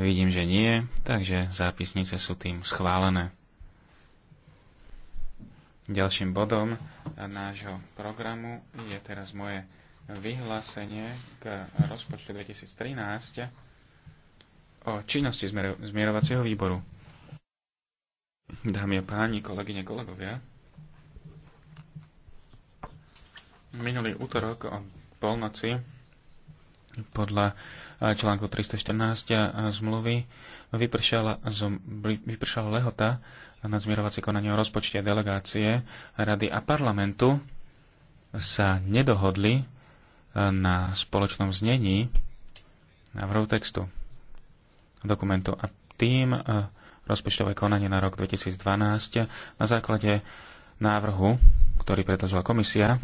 Vidím, že nie, takže zápisnice sú tým schválené. Ďalším bodom nášho programu je teraz moje vyhlásenie k rozpočtu 2013 o činnosti zmierovacieho výboru. Dámy a páni, kolegyne, kolegovia, minulý útorok o polnoci podľa článku 314 e, zmluvy vypršala, vypršala lehota na zmierovacie konanie o rozpočte delegácie Rady a parlamentu sa nedohodli e, na spoločnom znení návrhu textu dokumentu a tým e, rozpočtové konanie na rok 2012 na základe návrhu, ktorý predložila komisia,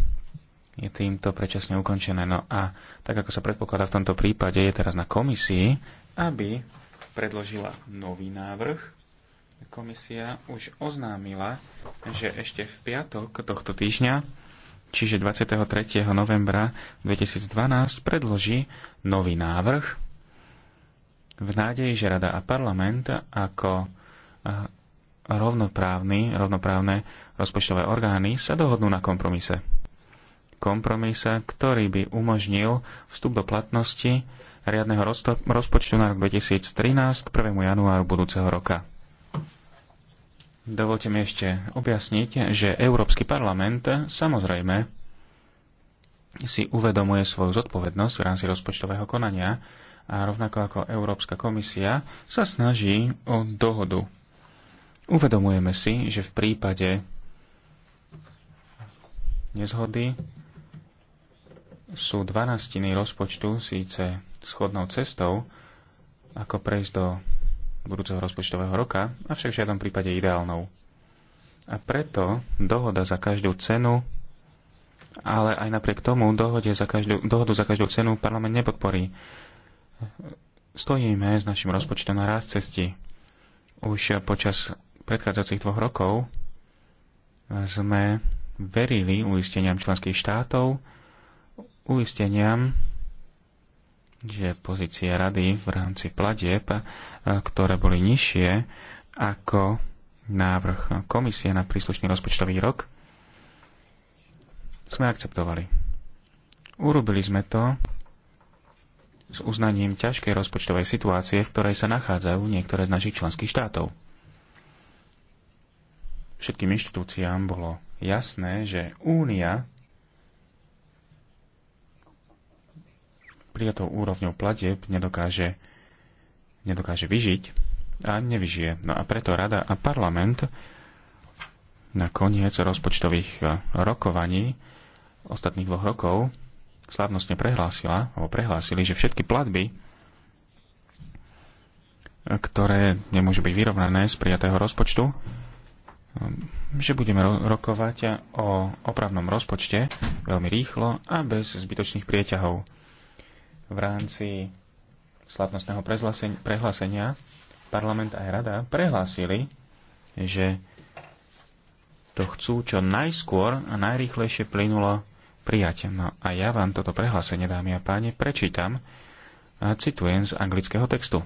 je týmto predčasne ukončené. No a tak, ako sa predpokladá v tomto prípade, je teraz na komisii, aby predložila nový návrh. Komisia už oznámila, že ešte v piatok tohto týždňa, čiže 23. novembra 2012, predloží nový návrh v nádeji, že Rada a parlament ako eh, rovnoprávny, rovnoprávne rozpočtové orgány sa dohodnú na kompromise kompromise, ktorý by umožnil vstup do platnosti riadneho rozpočtu na rok 2013 k 1. januáru budúceho roka. Dovolte mi ešte objasniť, že Európsky parlament samozrejme si uvedomuje svoju zodpovednosť v rámci rozpočtového konania a rovnako ako Európska komisia sa snaží o dohodu. Uvedomujeme si, že v prípade nezhody sú dvanastiny rozpočtu síce schodnou cestou, ako prejsť do budúceho rozpočtového roka, avšak v žiadnom prípade ideálnou. A preto dohoda za každú cenu, ale aj napriek tomu dohode za každú, dohodu za každú cenu parlament nepodporí. Stojíme s našim rozpočtom na rast cesti. Už počas predchádzajúcich dvoch rokov sme verili uisteniam členských štátov, uisteniam, že pozície rady v rámci platieb, eh, ktoré boli nižšie ako návrh komisie na príslušný rozpočtový rok, sme akceptovali. Urobili sme to s uznaním ťažkej rozpočtovej situácie, v ktorej sa nachádzajú niektoré z našich členských štátov. Všetkým inštitúciám bolo jasné, že Únia prijatou úrovňou platieb nedokáže, nedokáže vyžiť a nevyžije. No a preto Rada a parlament na koniec rozpočtových eh, rokovaní ostatných dvoch rokov slávnostne prehlásila, alebo prehlásili, že všetky platby, ktoré nemôžu byť vyrovnané z prijatého rozpočtu, ehm, že budeme rokovať o opravnom rozpočte veľmi rýchlo a bez zbytočných prieťahov v rámci slavnostného prehlásenia parlament aj rada prehlásili, že to chcú čo najskôr a najrýchlejšie plynulo prijať. No a ja vám toto prehlásenie, dámy a páni, prečítam a citujem z anglického textu.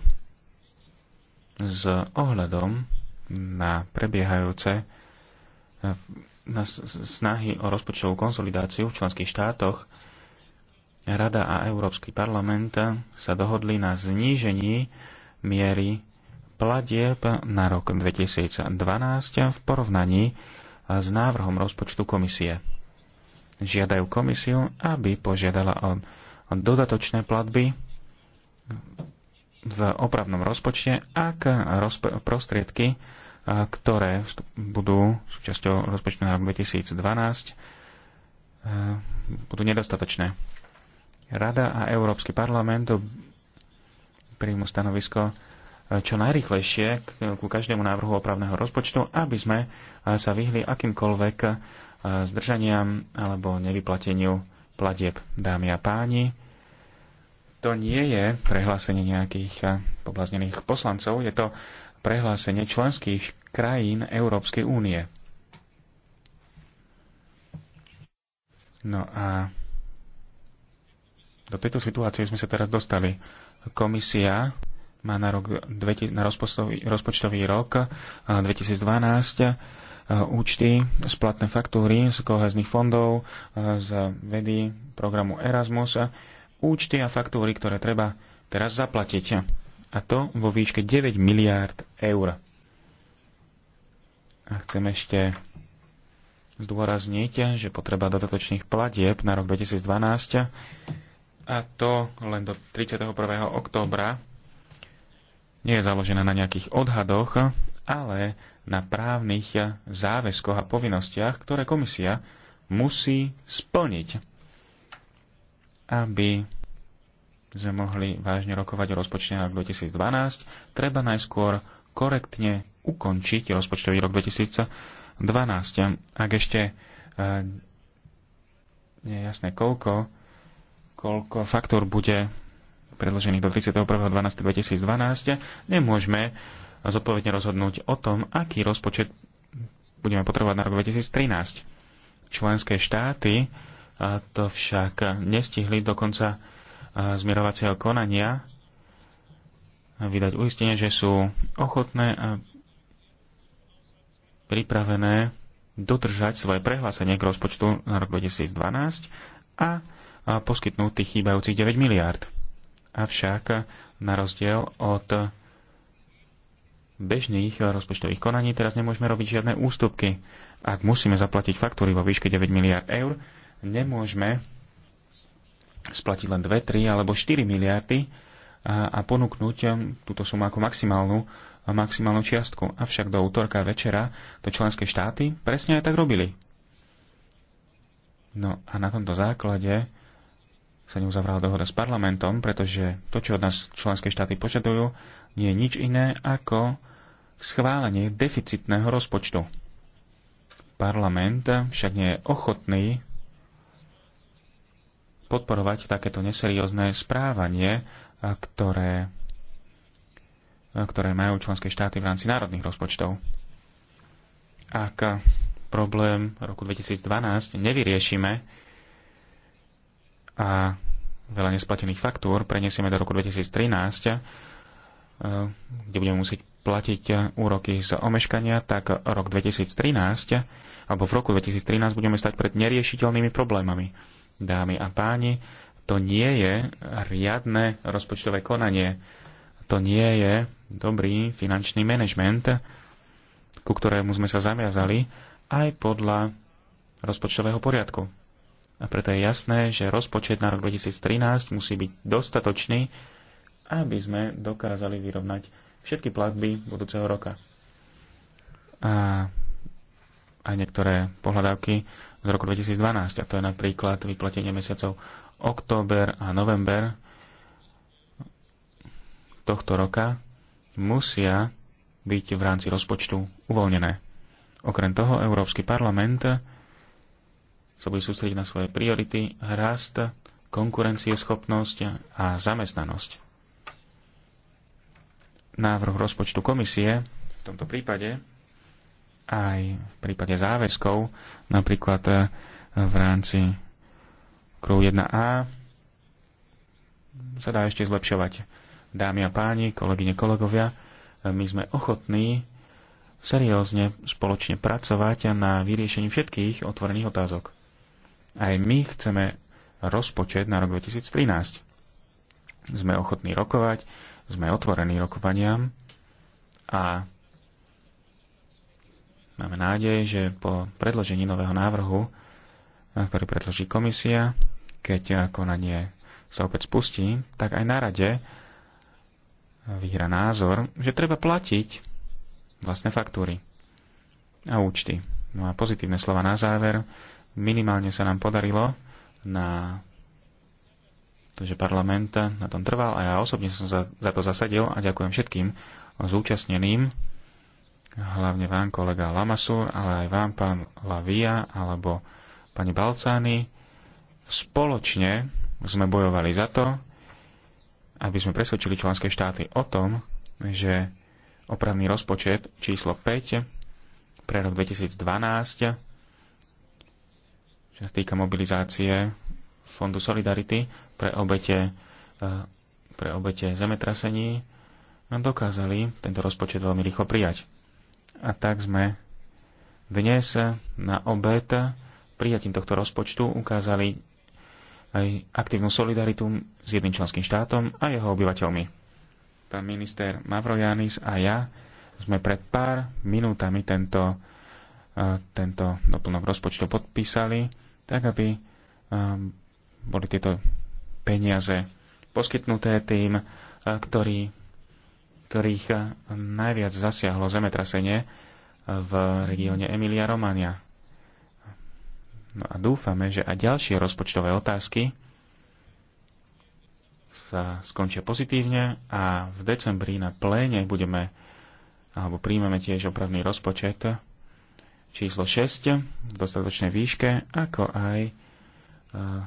S ohľadom na prebiehajúce na snahy o rozpočtovú konsolidáciu v členských štátoch Rada a Európsky parlament sa dohodli na znížení miery platieb na rok 2012 v porovnaní s návrhom rozpočtu komisie. Žiadajú komisiu, aby požiadala o dodatočné platby v opravnom rozpočte, ak prostriedky, ktoré budú súčasťou rozpočtu na rok 2012, budú nedostatočné Rada a Európsky parlament príjmu stanovisko e, čo najrychlejšie ku každému návrhu opravného rozpočtu, aby sme e, sa vyhli akýmkoľvek e, zdržaniam alebo nevyplateniu platieb. Dámy a páni, to nie je prehlásenie nejakých poblaznených poslancov, je to prehlásenie členských krajín Európskej únie. No a do tejto situácie sme sa teraz dostali. Komisia má na, rok, na rozpočtový, rozpočtový rok 2012 účty, splatné faktúry z koheznych fondov, z vedy, programu Erasmus, účty a faktúry, ktoré treba teraz zaplatiť. A to vo výške 9 miliárd eur. A chcem ešte zdôrazniť, že potreba dodatočných platieb na rok 2012 a to len do 31. októbra, nie je založená na nejakých odhadoch, ale na právnych záväzkoch a povinnostiach, ktoré komisia musí splniť, aby sme mohli vážne rokovať o rozpočte na rok 2012, treba najskôr korektne ukončiť rozpočtový rok 2012. Ak ešte eh, nie je jasné, koľko koľko faktor bude predložený do 31.12.2012, nemôžeme zodpovedne rozhodnúť o tom, aký rozpočet budeme potrebovať na rok 2013. Členské štáty to však nestihli do konca zmierovacieho konania vydať uistenie, že sú ochotné a pripravené dodržať svoje prehlásenie k rozpočtu na rok 2012 a poskytnúť tých chýbajúcich 9 miliárd. Avšak na rozdiel od bežných rozpočtových konaní teraz nemôžeme robiť žiadne ústupky. Ak musíme zaplatiť faktúry vo výške 9 miliard eur, nemôžeme splatiť len 2, 3 alebo 4 miliardy a, a ponúknuť túto sumu ako maximálnu, maximálnu čiastku. Avšak do útorka večera to členské štáty presne aj tak robili. No a na tomto základe sa neuzavrala dohoda s parlamentom, pretože to, čo od nás členské štáty požadujú, nie je nič iné ako schválenie deficitného rozpočtu. Parlament však nie je ochotný podporovať takéto neseriózne správanie, ktoré, ktoré majú členské štáty v rámci národných rozpočtov. Ak problém roku 2012 nevyriešime, a veľa nesplatených faktúr preniesieme do roku 2013, eh, kde budeme musieť platiť úroky z omeškania, tak rok 2013, alebo v roku 2013 budeme stať pred neriešiteľnými problémami. Dámy a páni, to nie je riadne rozpočtové konanie. To nie je dobrý finančný manažment, ku ktorému sme sa zaviazali aj podľa rozpočtového poriadku. A preto je jasné, že rozpočet na rok 2013 musí byť dostatočný, aby sme dokázali vyrovnať všetky platby budúceho roka. A aj niektoré pohľadávky z roku 2012, a to je napríklad vyplatenie mesiacov október a november tohto roka, musia byť v rámci rozpočtu uvoľnené. Okrem toho Európsky parlament sa bude sústrediť na svoje priority, rast, konkurencieschopnosť a zamestnanosť. Návrh rozpočtu komisie v tomto prípade aj v prípade záväzkov, napríklad eh, v rámci kruhu 1A, sa dá ešte zlepšovať. Dámy a páni, kolegyne, kolegovia, eh, my sme ochotní seriózne spoločne pracovať na vyriešení všetkých otvorených otázok. Aj my chceme rozpočet na rok 2013. Sme ochotní rokovať, sme otvorení rokovaniam a máme nádej, že po predložení nového návrhu, na ktorý predloží komisia, keď konanie sa opäť spustí, tak aj na rade vyhra názor, že treba platiť vlastné faktúry a účty. No a pozitívne slova na záver minimálne sa nám podarilo na to, že parlament na tom trval a ja osobne som za, za to zasadil a ďakujem všetkým zúčastneným, hlavne vám kolega Lamasur, ale aj vám pán Lavia alebo pani Balcány. Spoločne sme bojovali za to, aby sme presvedčili členské štáty o tom, že opravný rozpočet číslo 5 pre rok 2012 čo sa týka mobilizácie Fondu Solidarity pre obete, e, pre obete zemetrasení, dokázali tento rozpočet veľmi rýchlo prijať. A tak sme dnes na obed prijatím tohto rozpočtu ukázali aj aktívnu solidaritu s jedným členským štátom a jeho obyvateľmi. Pán minister Mavrojanis a ja sme pred pár minútami tento, e, tento doplnok rozpočtu podpísali tak aby um, boli tieto peniaze poskytnuté tým, uh, ktorý, ktorých uh, najviac zasiahlo zemetrasenie uh, v regióne Emilia Romania. No a dúfame, že aj ďalšie rozpočtové otázky sa skončia pozitívne a v decembri na pléne budeme alebo príjmeme tiež opravný rozpočet číslo 6 v dostatočnej výške, ako aj e,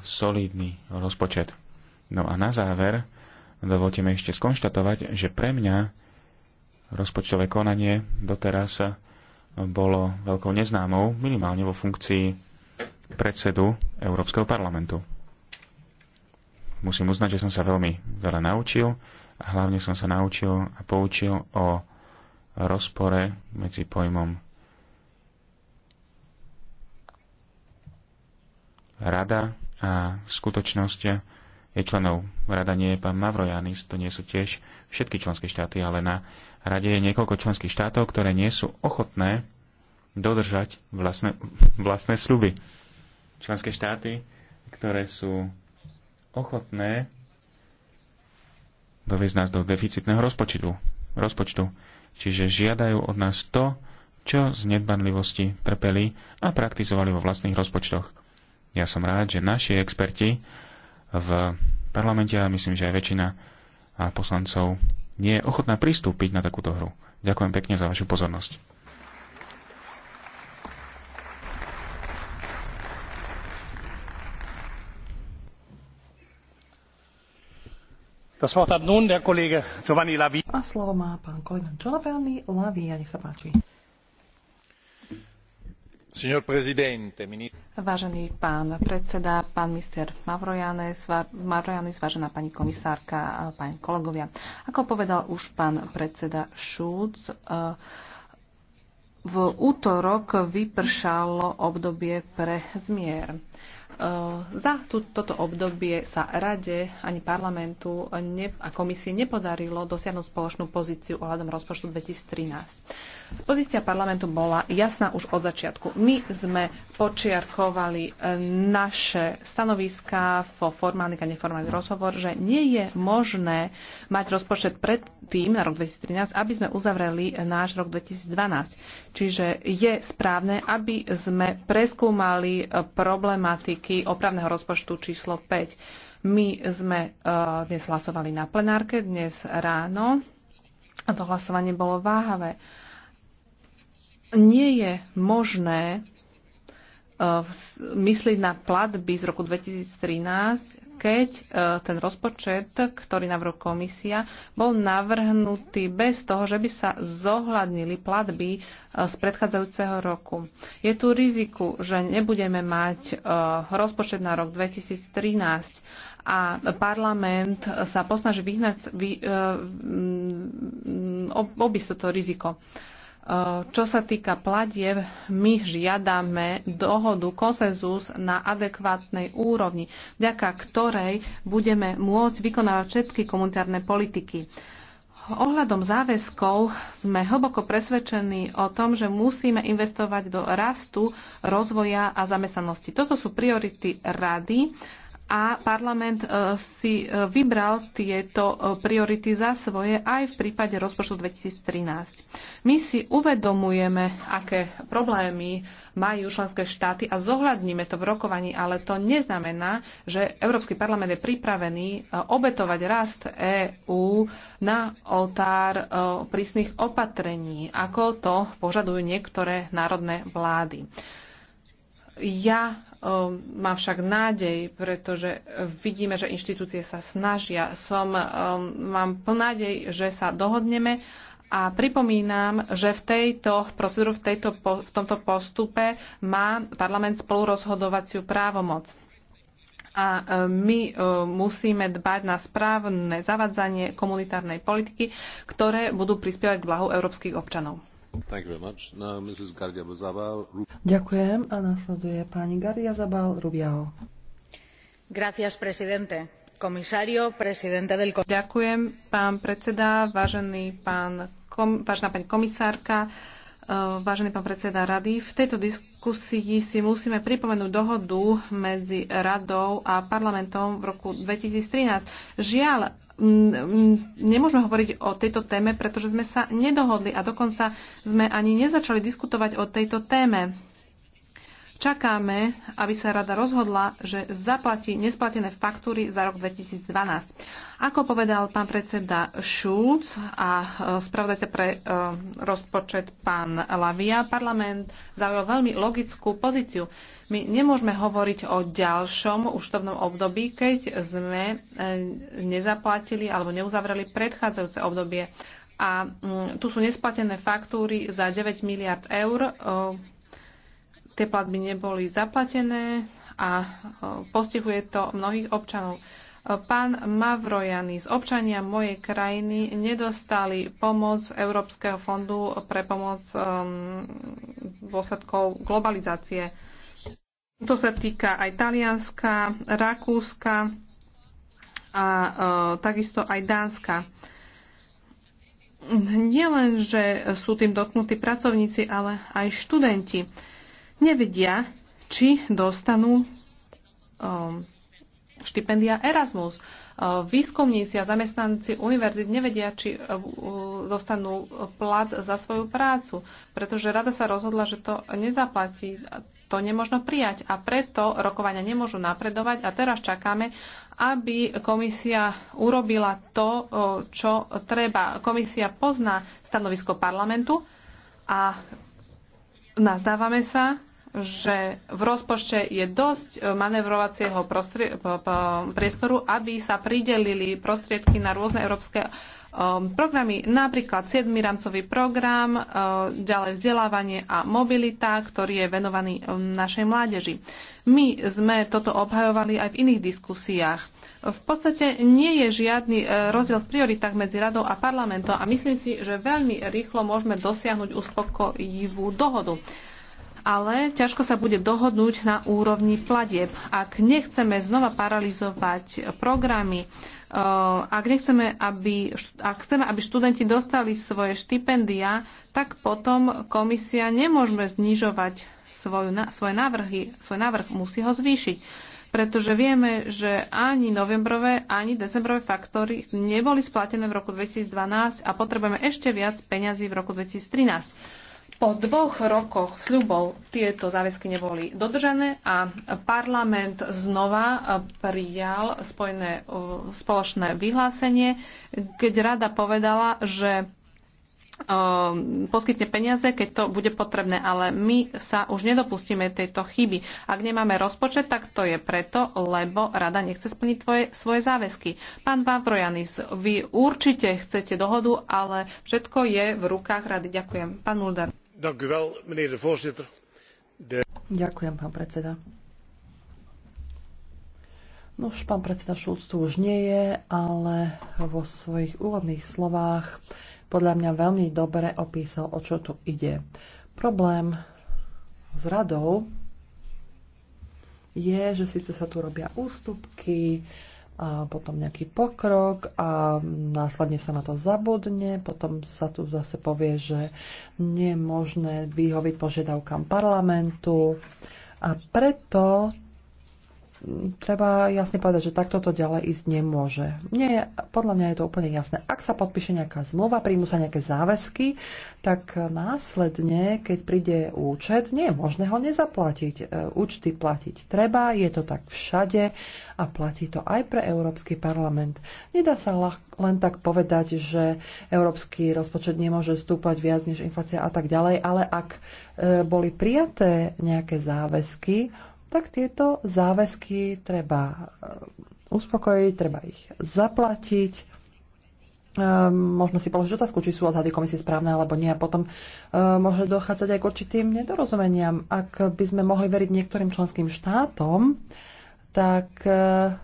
solidný rozpočet. No a na záver dovolte mi ešte skonštatovať, že pre mňa rozpočtové konanie doteraz bolo veľkou neznámou, minimálne vo funkcii predsedu Európskeho parlamentu. Musím uznať, že som sa veľmi veľa naučil a hlavne som sa naučil a poučil o rozpore medzi pojmom rada a skutočnosť je členov. Rada nie je pán Mavrojanis, to nie sú tiež všetky členské štáty, ale na rade je niekoľko členských štátov, ktoré nie sú ochotné dodržať vlastné, vlastné sluby. Členské štáty, ktoré sú ochotné doviezť nás do deficitného rozpočtu. rozpočtu. Čiže žiadajú od nás to, čo z nedbanlivosti trpeli a praktizovali vo vlastných rozpočtoch ja som rád, že naši experti v parlamente, a myslím, že aj väčšina poslancov, nie je ochotná pristúpiť na takúto hru. Ďakujem pekne za vašu pozornosť. Das Wort hat nun der Kollege Giovanni Lavi. A slovo má pán kolega Giovanni Lavi, a nech sa páči. Vážený pán predseda, pán minister Mavrojanis, vážená pani komisárka, pani kolegovia. Ako povedal už pán predseda schulz e, v útorok vypršalo obdobie pre zmier. E, za toto obdobie sa Rade ani parlamentu a komisii nepodarilo dosiahnuť spoločnú pozíciu ohľadom rozpočtu 2013. Pozícia parlamentu bola jasná už od začiatku. My sme počiarkovali e, naše stanoviská vo formálnych a neformálnych rozhovor, že nie je možné mať rozpočet pred tým na rok 2013, aby sme uzavreli náš rok 2012. Čiže je správne, aby sme preskúmali e, problematiky opravného rozpočtu číslo 5. My sme e, dnes hlasovali na plenárke, dnes ráno. A to hlasovanie bolo váhavé nie je možné e, myslieť na platby z roku 2013, keď e, ten rozpočet, ktorý navrhol komisia, bol navrhnutý bez toho, že by sa zohľadnili platby e, z predchádzajúceho roku. Je tu riziku, že nebudeme mať rozpočet na rok 2013 a parlament sa posnaží vyhnať, vy, obísť toto riziko. Čo sa týka platieb, my žiadame dohodu, konsenzus na adekvátnej úrovni, vďaka ktorej budeme môcť vykonávať všetky komunitárne politiky. Ohľadom záväzkov sme hlboko presvedčení o tom, že musíme investovať do rastu, rozvoja a zamestnanosti. Toto sú priority rady a parlament e, si e, vybral tieto e, priority za svoje aj v prípade rozpočtu 2013. My si uvedomujeme, aké problémy majú členské štáty a zohľadníme to v rokovaní, ale to neznamená, že Európsky parlament je pripravený obetovať rast EÚ na oltár prísnych opatrení, ako to požadujú niektoré národné vlády. Ja Mám však nádej, pretože vidíme, že inštitúcie sa snažia. Som, mám nádej, že sa dohodneme a pripomínam, že v tejto procedúre, v, tejto, v tomto postupe má parlament spolurozhodovaciu právomoc. A e, my e, musíme dbať na správne zavadzanie komunitárnej politiky, ktoré budú prispievať k blahu európskych občanov. Now, Ďakujem a nasleduje pani Gardia Zabal Rubiao. Gracias, presidente. Komisario, presidente del... Ďakujem, pán predseda, vážený pán, kom, vážená pani komisárka. Eh, vážený pán predseda rady, v tejto diskusii si musíme pripomenúť dohodu medzi radou a parlamentom v roku 2013. Žiaľ, nemôžeme hovoriť o tejto téme, pretože sme sa nedohodli a dokonca sme ani nezačali diskutovať o tejto téme. Čakáme, aby sa rada rozhodla, že zaplatí nesplatené faktúry za rok 2012. Ako povedal pán predseda Šulc a e, spravodajte pre e, rozpočet pán Lavia, parlament zaujal veľmi logickú pozíciu. My nemôžeme hovoriť o ďalšom úštovnom období, keď sme e, nezaplatili alebo neuzavreli predchádzajúce obdobie. A tu sú nesplatené faktúry za 9 miliard eur, tie platby neboli zaplatené a e, postihuje to mnohých občanov. E, pán Mavrojany z občania mojej krajiny nedostali pomoc Európskeho fondu pre pomoc um, dôsledkov globalizácie. To sa týka aj Talianska, Rakúska a takisto aj Dánska. Nielen, že sú tým dotknutí pracovníci, ale aj študenti nevedia, či dostanú um, štipendia Erasmus. Uh, výskumníci a zamestnanci univerzit nevedia, či uh, uh, dostanú plat za svoju prácu, pretože rada sa rozhodla, že to nezaplatí. To nemôžno prijať a preto rokovania nemôžu napredovať a teraz čakáme, aby komisia urobila to, čo treba. Komisia pozná stanovisko parlamentu a nazdávame sa, že v rozpočte je dosť eh, manevrovacieho eh, priestoru, aby sa pridelili prostriedky na rôzne európske eh, programy, napríklad 7. rámcový program, ďalej vzdelávanie a mobilita, ktorý je venovaný našej mládeži. My sme toto obhajovali aj v iných diskusiách. V podstate nie je žiadny rozdiel v prioritách medzi radou a parlamentom a myslím si, že veľmi rýchlo môžeme dosiahnuť uspokojivú dohodu ale ťažko sa bude dohodnúť na úrovni platieb. Ak nechceme znova paralizovať programy, eh, ak, nechceme, aby, ak chceme, aby študenti dostali svoje štipendia, tak potom komisia nemôžeme znižovať svoju, svoje, návrhy, svoj návrh, musí ho zvýšiť pretože vieme, že ani novembrové, ani decembrové faktory neboli splatené v roku 2012 a potrebujeme ešte viac peňazí v roku 2013 po dvoch rokoch sľubov tieto záväzky neboli dodržané a parlament znova e, prijal spojené, e, spoločné vyhlásenie, keď rada povedala, že e, poskytne peniaze, keď to bude potrebné, ale my sa už nedopustíme tejto chyby. Ak nemáme rozpočet, tak to je preto, lebo rada nechce splniť tvoje, svoje záväzky. Pán Vavrojanis, vy určite chcete dohodu, ale všetko je v rukách rady. Ďakujem. Pán Mulder. Ďakujem, pán predseda. No už pán predseda Šulc tu už nie je, ale vo svojich úvodných slovách podľa mňa veľmi dobre opísal, o čo tu ide. Problém s radou je, že síce sa tu robia ústupky, a potom nejaký pokrok a následne sa na to zabudne, potom sa tu zase povie, že nie je možné vyhoviť požiadavkám parlamentu a preto treba jasne povedať, že takto to ďalej ísť nemôže. Nie, podľa mňa je to úplne jasné. Ak sa podpíše nejaká zmluva, príjmu sa nejaké záväzky, tak následne, keď príde účet, nie je možné ho nezaplatiť. E, účty platiť treba, je to tak všade a platí to aj pre Európsky parlament. Nedá sa len tak povedať, že Európsky rozpočet nemôže stúpať viac než inflácia a tak ďalej, ale ak e, boli prijaté nejaké záväzky, tak tieto záväzky treba eh, uspokojiť, treba ich zaplatiť. Um, eh, môžeme si položiť otázku, či sú odhady komisie správne alebo nie a potom eh, môže dochádzať aj k určitým nedorozumeniam. Ak by sme mohli veriť niektorým členským štátom, tak uh,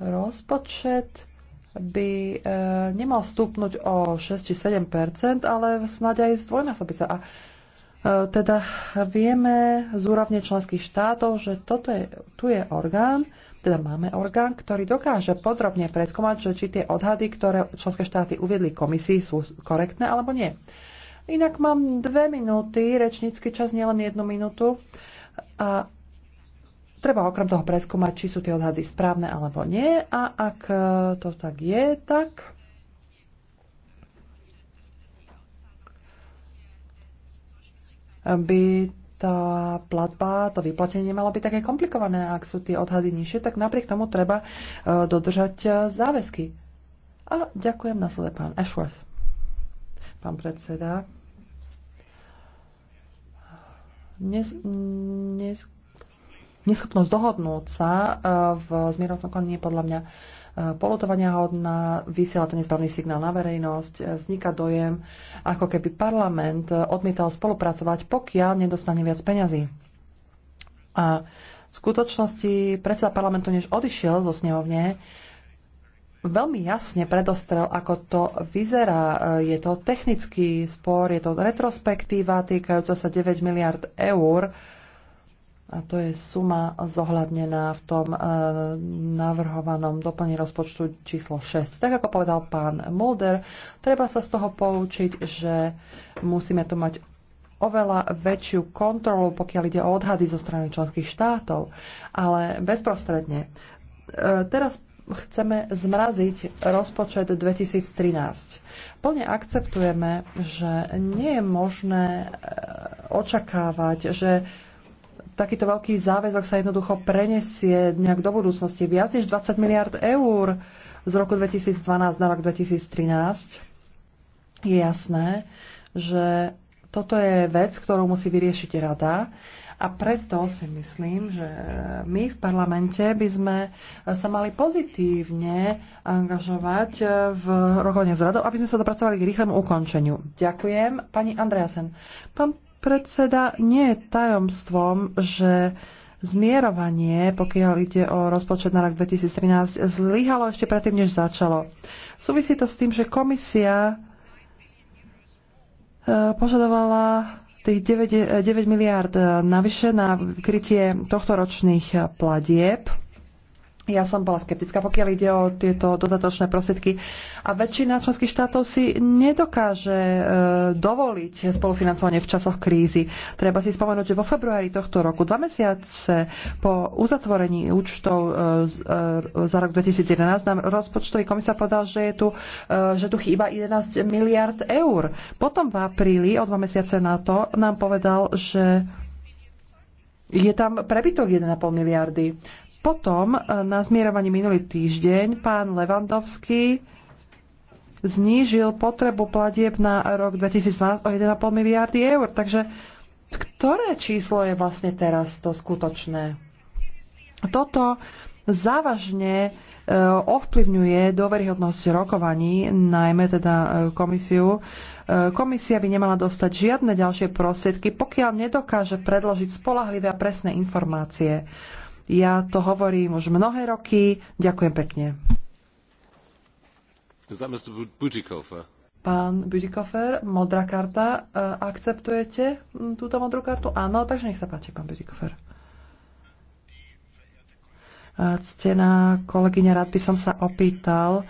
rozpočet by uh, nemal stúpnuť o 6 či 7 ale snáď aj zdvojnásobiť sa. A uh, E, teda vieme z úrovne členských štátov, že toto je, tu je orgán, teda máme orgán, ktorý dokáže podrobne preskúmať, že či tie odhady, ktoré členské štáty uviedli komisii, sú korektné alebo nie. Inak mám dve minúty, rečnícky čas, nielen jednu minútu. A treba okrem toho preskúmať, či sú tie odhady správne alebo nie. A ak to tak je, tak by tá platba, to vyplatenie malo byť také komplikované. Ak sú tie odhady nižšie, tak napriek tomu treba e, dodržať e, záväzky. A ďakujem následne pán Ashworth. Pán predseda. Nes, nes, neschopnosť dohodnúť sa e, v zmierovacom konaní je podľa mňa polotovania hodná, vysiela to nesprávny signál na verejnosť, vzniká dojem, ako keby parlament odmietal spolupracovať, pokiaľ nedostane viac peňazí. A v skutočnosti predseda parlamentu, než odišiel zo snehovne, veľmi jasne predostrel, ako to vyzerá. Je to technický spor, je to retrospektíva týkajúca sa 9 miliard eur, a to je suma zohľadnená v tom e, navrhovanom doplne rozpočtu číslo 6. Tak ako povedal pán Mulder, treba sa z toho poučiť, že musíme tu mať oveľa väčšiu kontrolu, pokiaľ ide o odhady zo strany členských štátov, ale bezprostredne. E, teraz chceme zmraziť rozpočet 2013. Plne akceptujeme, že nie je možné e, očakávať, že takýto veľký záväzok sa jednoducho prenesie nejak do budúcnosti. Viac než 20 miliard eur z roku 2012 na rok 2013 je jasné, že toto je vec, ktorú musí vyriešiť rada a preto si myslím, že my v parlamente by sme sa mali pozitívne angažovať v rokovanie s radou, aby sme sa dopracovali k rýchlemu ukončeniu. Ďakujem. Pani Andreasen, pán predseda, nie je tajomstvom, že zmierovanie, pokiaľ ide o rozpočet na rok 2013, zlyhalo ešte predtým, než začalo. Súvisí to s tým, že komisia e, požadovala tých 9, 9 miliard navyše na krytie ročných platieb ja som bola skeptická, pokiaľ ide o tieto dodatočné prostriedky. A väčšina členských štátov si nedokáže e, dovoliť spolufinancovanie v časoch krízy. Treba si spomenúť, že vo februári tohto roku, dva mesiace po uzatvorení účtov e, e, za rok 2011, nám rozpočtový komisár povedal, že, je tu, e, že tu chýba 11 miliard eur. Potom v apríli, o dva mesiace na to, nám povedal, že je tam prebytok 1,5 miliardy. Potom e, na zmierovaní minulý týždeň pán Levandovský znížil potrebu platieb na rok 2012 o 1,5 miliardy eur. Takže ktoré číslo je vlastne teraz to skutočné? Toto závažne e, ovplyvňuje dôveryhodnosť rokovaní, najmä teda e, komisiu. Komisia by nemala dostať žiadne ďalšie prostriedky, pokiaľ nedokáže predložiť spolahlivé a presné informácie. Ja to hovorím už mnohé roky. Ďakujem pekne. Pán Budikofer, modrá karta. Eh, akceptujete mm, túto modrú kartu? Áno, takže nech sa páči, pán Budikofer. Eh, ctená kolegyňa, rád by som sa opýtal,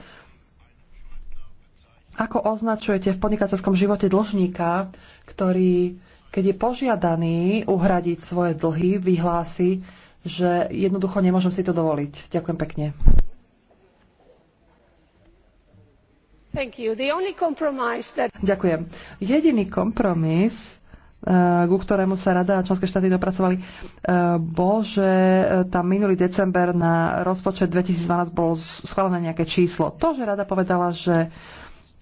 ako označujete v podnikateľskom živote dlžníka, ktorý, keď je požiadaný uhradiť svoje dlhy, vyhlási, že jednoducho nemôžem si to dovoliť. Ďakujem pekne. That... Ďakujem. Jediný kompromis, eh, ku ktorému sa Rada a členské štáty dopracovali, eh, bol, že eh, tam minulý december na rozpočet 2012 bolo schválené nejaké číslo. To, že Rada povedala, že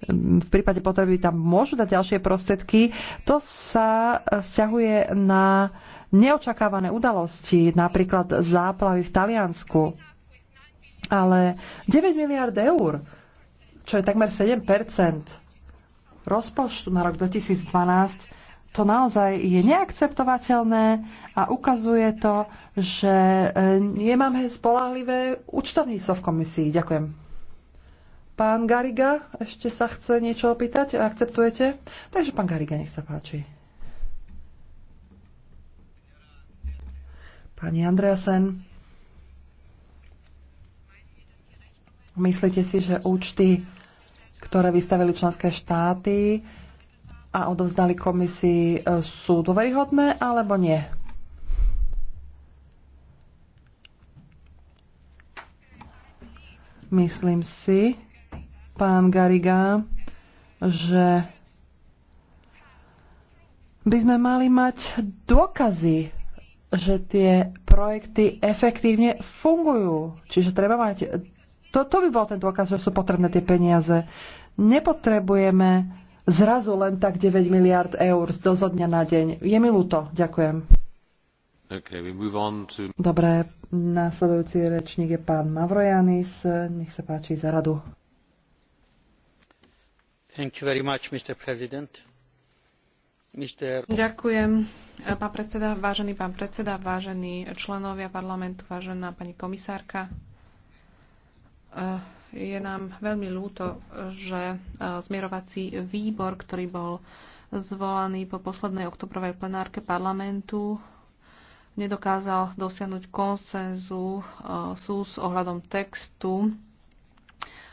mm, v prípade potreby tam môžu dať ďalšie prostriedky, to sa vzťahuje na neočakávané udalosti, napríklad záplavy v Taliansku. Ale 9 miliard eur, čo je takmer 7 rozpočtu na rok 2012, to naozaj je neakceptovateľné a ukazuje to, že nemáme eh, spolahlivé účtovníctvo v komisii. Ďakujem. Pán Gariga, ešte sa chce niečo opýtať? Akceptujete? Takže pán Gariga, nech sa páči. Pani Andreasen, myslíte si, že účty, ktoré vystavili členské štáty a odovzdali komisii, e, sú dôveryhodné alebo nie? Myslím si, pán Gariga, že by sme mali mať dôkazy že tie projekty efektívne fungujú. Čiže treba mať... To, to by bol ten dôkaz, že sú potrebné tie peniaze. Nepotrebujeme zrazu len tak 9 miliard eur z zo dňa na deň. Je mi ľúto. Ďakujem. Okay, we move on to... Dobre, následujúci rečník je pán Mavrojanis. Nech sa páči za radu. Thank you very much, Mr. President. Ďakujem, eh, pán predseda, vážený pán predseda, vážení členovia parlamentu, vážená pani komisárka. Eh, je nám veľmi ľúto, že eh, zmierovací výbor, ktorý bol zvolaný po poslednej oktobrovej plenárke parlamentu, nedokázal dosiahnuť konsenzu sú s ohľadom textu,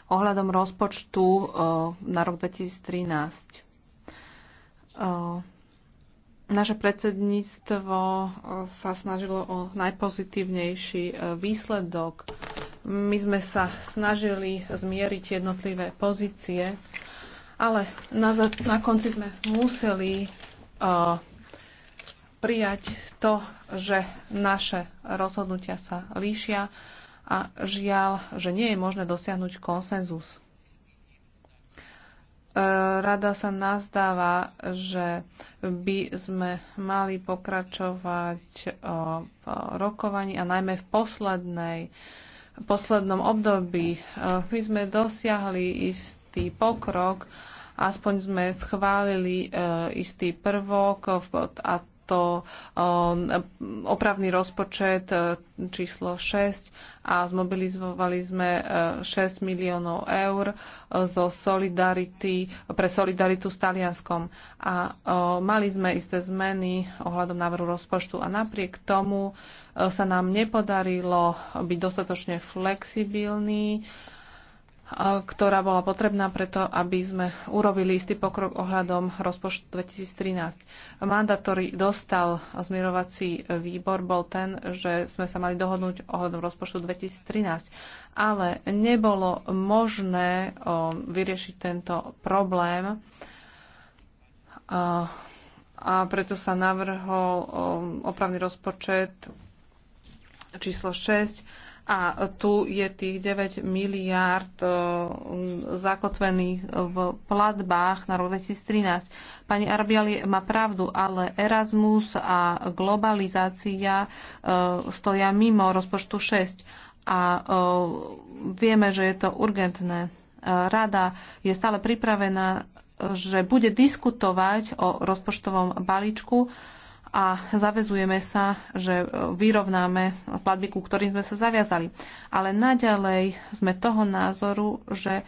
ohľadom rozpočtu na rok 2013 naše predsedníctvo eh, sa snažilo o najpozitívnejší eh, výsledok. My sme sa snažili zmieriť jednotlivé pozície, ale na, na konci sme museli uh, prijať to, že naše rozhodnutia sa líšia a žiaľ, že nie je možné dosiahnuť konsenzus. Rada sa nazdáva, že by sme mali pokračovať v rokovaní a najmä v poslednej, poslednom období. E, my sme dosiahli istý pokrok, aspoň sme schválili e, istý prvok a to um, opravný rozpočet e, číslo 6 a zmobilizovali sme 6 e, miliónov eur e, zo Solidarity, pre Solidaritu s Talianskom. A mali sme isté zmeny ohľadom návrhu rozpočtu a napriek tomu sa nám nepodarilo byť dostatočne flexibilní ktorá bola potrebná preto, aby sme urobili istý pokrok ohľadom rozpočtu 2013. Mandát, ktorý dostal zmierovací výbor, bol ten, že sme sa mali dohodnúť ohľadom rozpočtu 2013, ale nebolo možné vyriešiť tento problém a preto sa navrhol opravný rozpočet číslo 6 a tu je tých 9 miliárd e, zakotvených v platbách na rok 2013. Pani Arbiali má pravdu, ale Erasmus a globalizácia e, stoja mimo rozpočtu 6 a e, vieme, že je to urgentné. Rada je stále pripravená, že bude diskutovať o rozpočtovom balíčku, a zavezujeme sa, že e, vyrovnáme platby, ku ktorým sme sa zaviazali. Ale naďalej sme toho názoru, že e,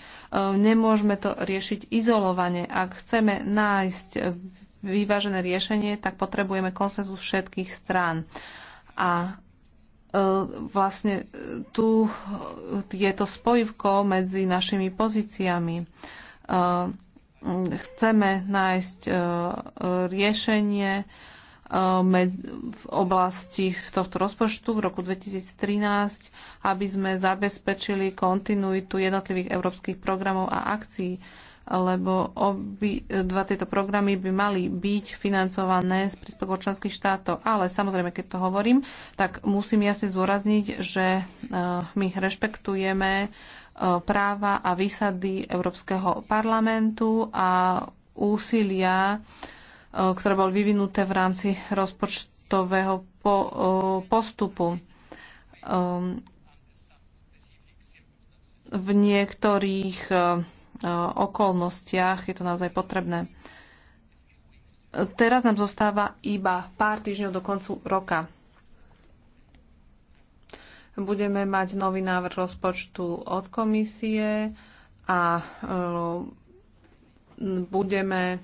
nemôžeme to riešiť izolovane. Ak chceme nájsť vyvážené riešenie, tak potrebujeme konsenzus všetkých strán. A e, vlastne tu je to spojivko medzi našimi pozíciami chceme nájsť riešenie Eh, v oblasti tohto rozpočtu v roku 2013, aby sme zabezpečili kontinuitu jednotlivých európskych programov a akcií, lebo obi, eh, dva tieto programy by mali byť financované z príspevkov členských štátov. Ale samozrejme, keď to hovorím, tak musím jasne zdôrazniť, že eh, my rešpektujeme práva a výsady Európskeho parlamentu a úsilia Eh, ktoré boli vyvinuté v rámci rozpočtového eh, postupu. Ehm, v niektorých eh, okolnostiach je to naozaj potrebné. Teraz nám zostáva iba pár týždňov do koncu roka. Budeme mať nový návrh rozpočtu od komisie a budeme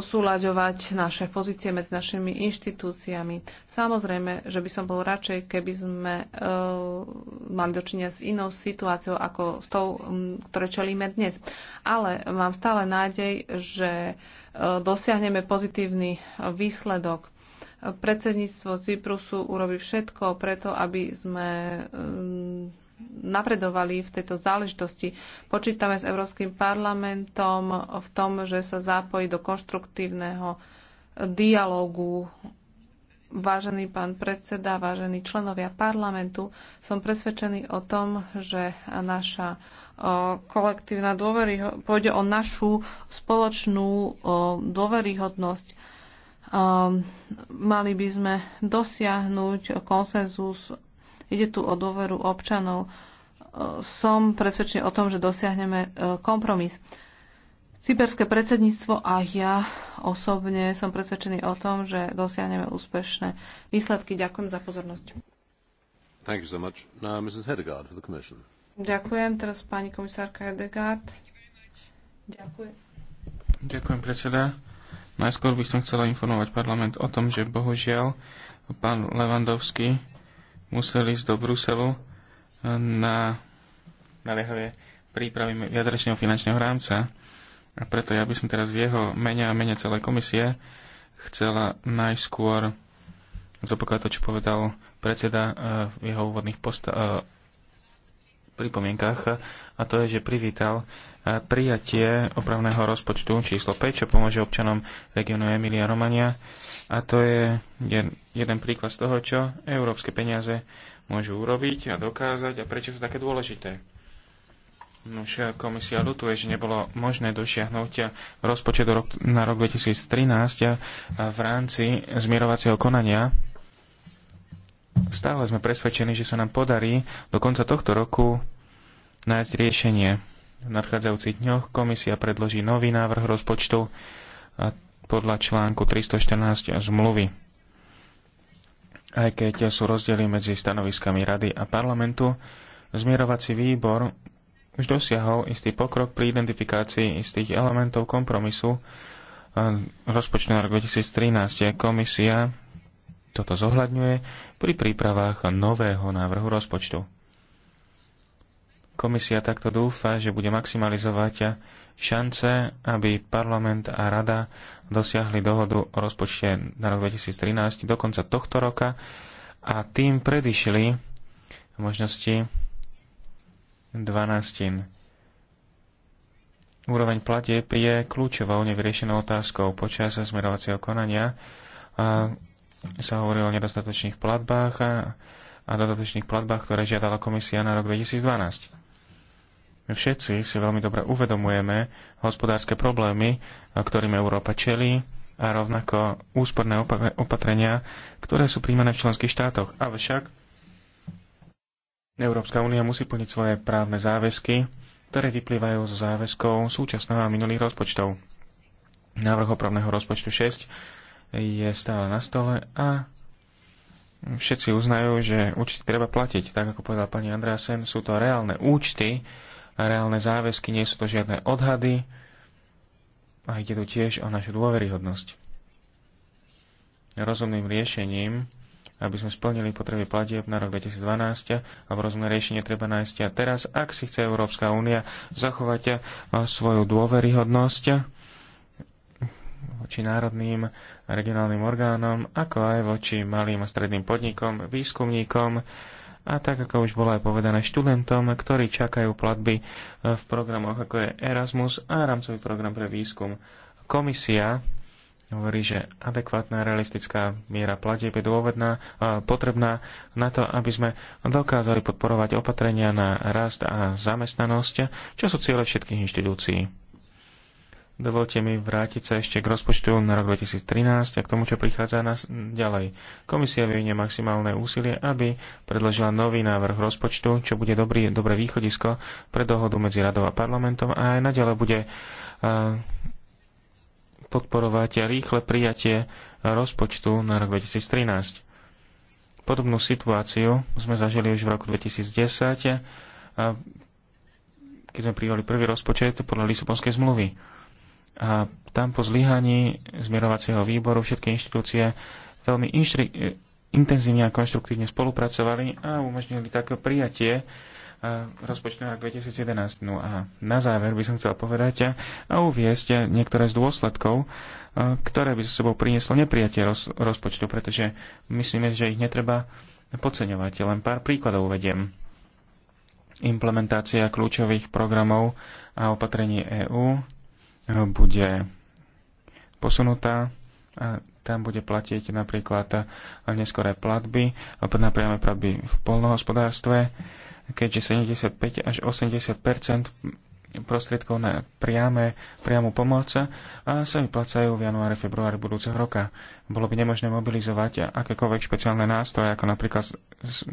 súľaďovať naše pozície medzi našimi inštitúciami. Samozrejme, že by som bol radšej, keby sme e, mali dočinia s inou situáciou ako s tou, ktoré čelíme dnes. Ale mám stále nádej, že e, dosiahneme pozitívny výsledok. Predsedníctvo Cyprusu urobí všetko preto, aby sme e, napredovali v tejto záležitosti. Počítame s Európskym parlamentom v tom, že sa zapojí do konštruktívneho dialogu. Vážený pán predseda, vážení členovia parlamentu, som presvedčený o tom, že naša kolektívna dôveryhodnosť pôjde o našu spoločnú dôveryhodnosť mali by sme dosiahnuť konsenzus Ide tu o dôveru občanov. E, som presvedčený o tom, že dosiahneme e, kompromis. Cyperské predsedníctvo a ja osobne som presvedčený o tom, že dosiahneme úspešné výsledky. Ďakujem za pozornosť. Thank you so much. Now, Mrs. Hedegaard for the Commission. Ďakujem. Teraz pani komisárka Hedegaard. Ďakujem. Ďakujem, predseda. Najskôr by som chcela informovať parlament o tom, že bohužiaľ pán Levandovský musel ísť do Bruselu e, na naliehavé prípravy viadrečného finančného rámca. A preto ja by som teraz jeho mene a mene celej komisie chcela najskôr zopakovať to, čo povedal predseda v e, jeho úvodných posta- e, pripomienkach a to je, že privítal e, prijatie opravného rozpočtu číslo 5, čo pomôže občanom regionu Emilia Romania a to je jeden príklad z toho, čo európske peniaze môžu urobiť a dokázať a prečo sú také dôležité. Už e, komisia ľutuje, že nebolo možné dosiahnuť e, rozpočet na rok 2013 A v rámci zmierovacieho konania. Stále sme presvedčení, že sa nám podarí do konca tohto roku nájsť riešenie. V nadchádzajúcich dňoch komisia predloží nový návrh rozpočtu podľa článku 314 zmluvy. Aj keď sú rozdiely medzi stanoviskami Rady a parlamentu, zmierovací výbor už dosiahol istý pokrok pri identifikácii istých elementov kompromisu rozpočtu na rok 2013. Komisia toto zohľadňuje pri prípravách nového návrhu rozpočtu. Komisia takto dúfa, že bude maximalizovať šance, aby parlament a rada dosiahli dohodu o rozpočte na rok 2013 do konca tohto roka a tým predišli možnosti 12. Úroveň platieb je kľúčovou nevyriešenou otázkou. Počas zmerovacieho konania a sa hovorilo o nedostatočných platbách a, a dodatočných platbách, ktoré žiadala komisia na rok 2012 všetci si veľmi dobre uvedomujeme hospodárske problémy, ktorým Európa čelí a rovnako úsporné opatrenia, ktoré sú príjmané v členských štátoch. Avšak Európska únia musí plniť svoje právne záväzky, ktoré vyplývajú zo záväzkov súčasného a minulých rozpočtov. Návrh opravného rozpočtu 6 je stále na stole a všetci uznajú, že účty treba platiť. Tak ako povedal pani Andreasen, sú to reálne účty, reálne záväzky, nie sú to žiadne odhady a ide tu tiež o našu dôveryhodnosť. Rozumným riešením, aby sme splnili potreby platieb na rok 2012 a v rozumné riešenie treba nájsť a teraz, ak si chce Európska únia zachovať svoju dôveryhodnosť voči národným a regionálnym orgánom, ako aj voči malým a stredným podnikom, výskumníkom, a tak ako už bolo aj povedané študentom, ktorí čakajú platby e, v programoch ako je Erasmus a rámcový program pre výskum. Komisia hovorí, že adekvátna realistická miera platieb je dôvodná, e, potrebná na to, aby sme dokázali podporovať opatrenia na rast a zamestnanosť, čo sú ciele všetkých inštitúcií. Dovolte mi vrátiť sa ešte k rozpočtu na rok 2013 a k tomu, čo prichádza nás ďalej. Komisia vyvinie maximálne úsilie, aby predložila nový návrh rozpočtu, čo bude dobrý, dobré východisko pre dohodu medzi radou a parlamentom a aj naďalej bude uh, podporovať rýchle prijatie rozpočtu na rok 2013. Podobnú situáciu sme zažili už v roku 2010, keď sme prijali prvý rozpočet podľa Lisabonskej zmluvy a tam po zlyhaní zmierovacieho výboru všetky inštitúcie veľmi inštri- e, intenzívne a konštruktívne spolupracovali a umožnili také prijatie e, rozpočtu na rok 2011. No a na záver by som chcel povedať a uviesť niektoré z dôsledkov, e, ktoré by so sebou prinieslo neprijatie roz, rozpočtu, pretože myslíme, že ich netreba podceňovať. Len pár príkladov uvediem. Implementácia kľúčových programov a opatrení EÚ, bude posunutá. A tam bude platiť napríklad neskoré platby, na priame platby v polnohospodárstve, keďže 75 až 80 prostriedkov na priame, priamu pomoc a sa vyplacajú v januári, februári budúceho roka. Bolo by nemožné mobilizovať akékoľvek špeciálne nástroje, ako napríklad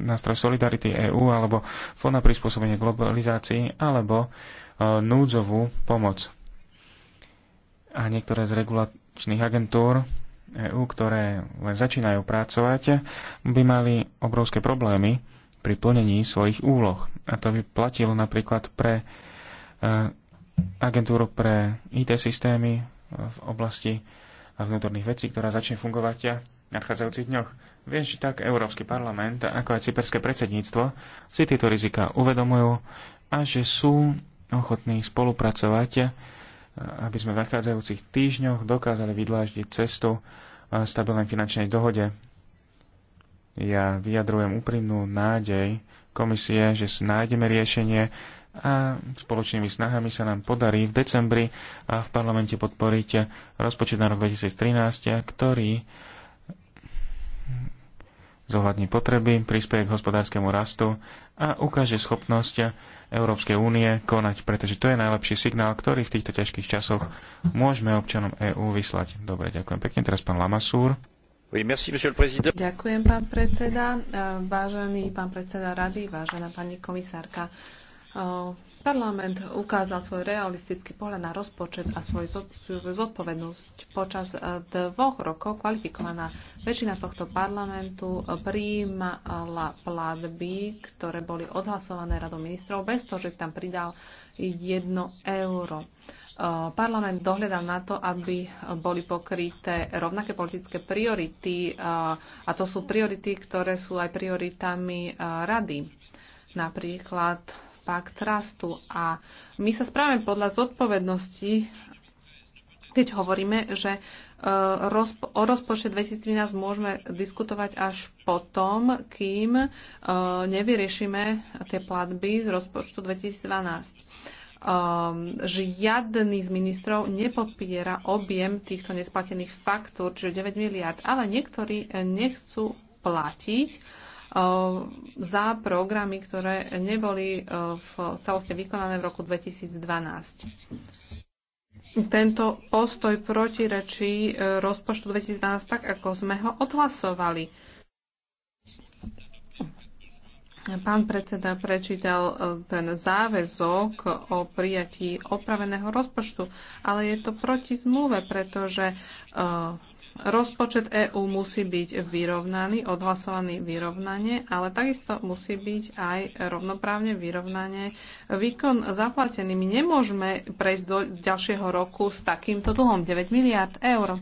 nástroj Solidarity EÚ alebo Fond na prispôsobenie globalizácii alebo e, núdzovú pomoc a niektoré z regulačných agentúr EÚ, ktoré len začínajú pracovať, by mali obrovské problémy pri plnení svojich úloh. A to by platilo napríklad pre e, agentúru pre IT systémy v oblasti vnútorných vecí, ktorá začne fungovať v nadchádzajúcich dňoch. Viem, že tak Európsky parlament, ako aj cyperské predsedníctvo si tieto rizika uvedomujú a že sú ochotní spolupracovať aby sme v nachádzajúcich týždňoch dokázali vydláždiť cestu stabilnej finančnej dohode. Ja vyjadrujem úprimnú nádej komisie, že nájdeme riešenie a spoločnými snahami sa nám podarí v decembri a v parlamente podporiť rozpočet na rok 2013, ktorý zohľadní potreby, prispieje k hospodárskému rastu a ukáže schopnosť Európskej únie konať, pretože to je najlepší signál, ktorý v týchto ťažkých časoch môžeme občanom EÚ vyslať. Dobre, ďakujem pekne. Teraz pán Lamasúr. Oui, merci, ďakujem, pán predseda. Vážený pán predseda rady, vážená pani komisárka. Parlament ukázal svoj realistický pohľad na rozpočet a svoju zodpovednosť. Počas eh, dvoch rokov kvalifikovaná väčšina tohto parlamentu príjmala platby, ktoré boli odhlasované radou ministrov bez toho, že tam pridal jedno euro. Eh, parlament dohľadal na to, aby boli pokryté rovnaké politické priority eh, a to sú priority, ktoré sú aj prioritami rady. Napríklad fakt rastu. A my sa správame podľa zodpovednosti, keď hovoríme, že e, o rozpočte 2013 môžeme diskutovať až potom, kým e, nevyriešime tie platby z rozpočtu 2012. E, žiadny z ministrov nepopiera objem týchto nesplatených faktúr, čiže 9 miliard, ale niektorí nechcú platiť za programy, ktoré neboli v celosti vykonané v roku 2012 tento postoj protirečí e, rozpočtu 2012 tak, ako sme ho odhlasovali. Pán predseda prečítal e, ten záväzok o prijatí opraveného rozpočtu, ale je to proti zmluve, pretože uh, Rozpočet EÚ musí byť vyrovnaný, odhlasovaný vyrovnanie, ale takisto musí byť aj rovnoprávne vyrovnanie výkon zaplatený. My nemôžeme prejsť do ďalšieho roku s takýmto dlhom 9 miliard eur.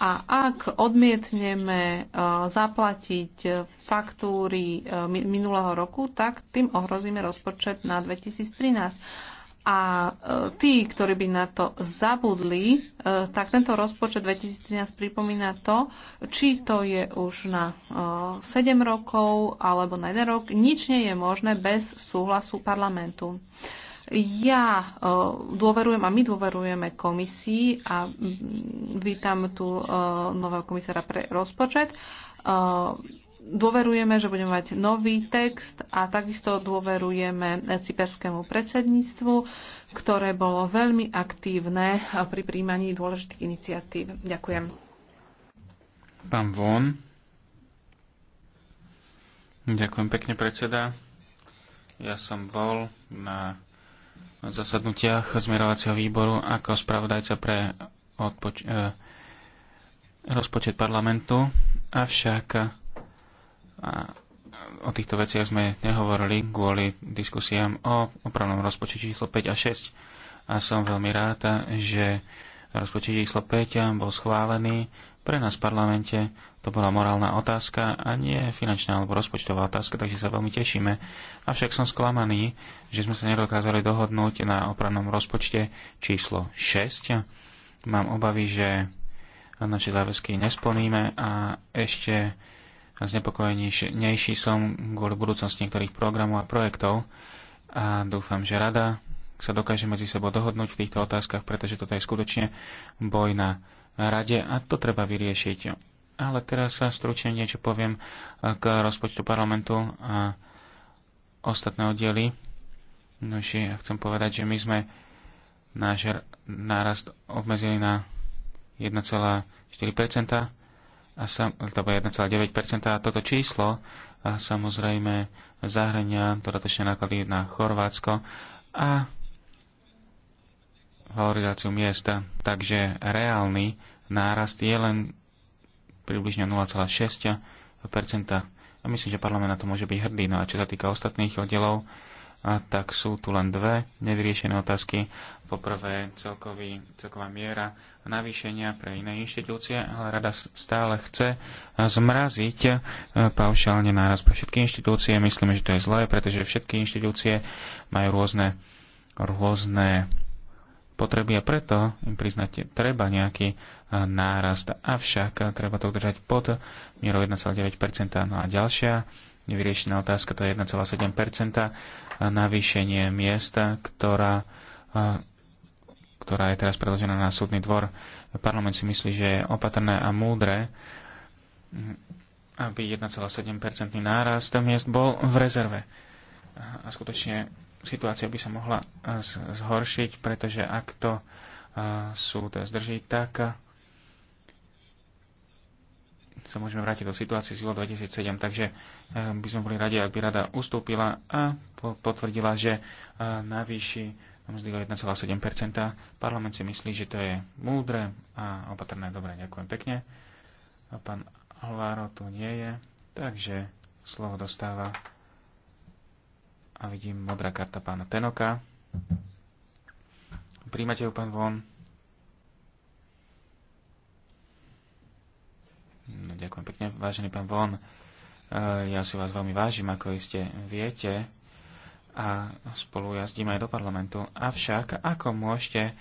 A ak odmietneme e, zaplatiť e, faktúry e, minulého roku, tak tým ohrozíme rozpočet na 2013. A e, tí, ktorí by na to zabudli, e, tak tento rozpočet 2013 pripomína to, či to je už na 7 e, rokov alebo na 1 rok, nič nie je možné bez súhlasu parlamentu. Ja dôverujem a my dôverujeme komisii a vítam tu nového komisára pre rozpočet dôverujeme, že budeme mať nový text a takisto dôverujeme cyperskému predsedníctvu, ktoré bolo veľmi aktívne pri príjmaní dôležitých iniciatív. Ďakujem. Pán Von. Ďakujem pekne, predseda. Ja som bol na zasadnutiach zmierovacieho výboru ako spravodajca pre odpoč- eh, rozpočet parlamentu, avšak o týchto veciach sme nehovorili kvôli diskusiám o opravnom rozpočte číslo 5 a 6. A som veľmi rád, že rozpočet číslo 5 bol schválený. Pre nás v parlamente to bola morálna otázka a nie finančná alebo rozpočtová otázka, takže sa veľmi tešíme. Avšak som sklamaný, že sme sa nedokázali dohodnúť na opravnom rozpočte číslo 6. Mám obavy, že naše záväzky nesplníme a ešte znepokojenejší som kvôli budúcnosti niektorých programov a projektov a dúfam, že rada sa dokáže medzi sebou dohodnúť v týchto otázkach, pretože toto je skutočne boj na rade a to treba vyriešiť. Ale teraz sa stručne niečo poviem k rozpočtu parlamentu a ostatné oddiely. No, ja chcem povedať, že my sme náš nárast obmedzili na 1,4% a sam, to 1,9 a toto číslo a samozrejme zahrania dodatočné náklady na Chorvátsko a valorizáciu miesta. Takže reálny nárast je len približne 0,6 a myslím, že parlament na to môže byť hrdý. No a čo sa týka ostatných oddelov, a tak sú tu len dve nevyriešené otázky. Poprvé celkový, celková miera navýšenia pre iné inštitúcie, ale rada stále chce zmraziť eh, paušálne náraz pre všetky inštitúcie. Myslíme, že to je zlé, pretože všetky inštitúcie majú rôzne, rôzne potreby a preto im priznať treba nejaký eh, nárast. Avšak eh, treba to udržať pod mierou 1,9%. No a ďalšia nevyriešená otázka, to je 1,7 navýšenie miesta, ktorá, ktorá je teraz predložená na súdny dvor. Parlament si myslí, že je opatrné a múdre, aby 1,7 nárast miest bol v rezerve. A skutočne situácia by sa mohla zhoršiť, pretože ak to súd zdrží, tak sa môžeme vrátiť do situácie z 2007, takže eh, by sme boli radi, ak by rada ustúpila a potvrdila, že eh, navýši mzdy o 1,7 Parlament si myslí, že to je múdre a opatrné. Dobre, ďakujem pekne. A pán Alvaro tu nie je, takže slovo dostáva a vidím modrá karta pána Tenoka. Príjmate ju, pán Von? No, ďakujem pekne, vážený pán Von. E, ja si vás veľmi vážim, ako iste viete, a spolu jazdíme aj do parlamentu. Avšak, ako môžete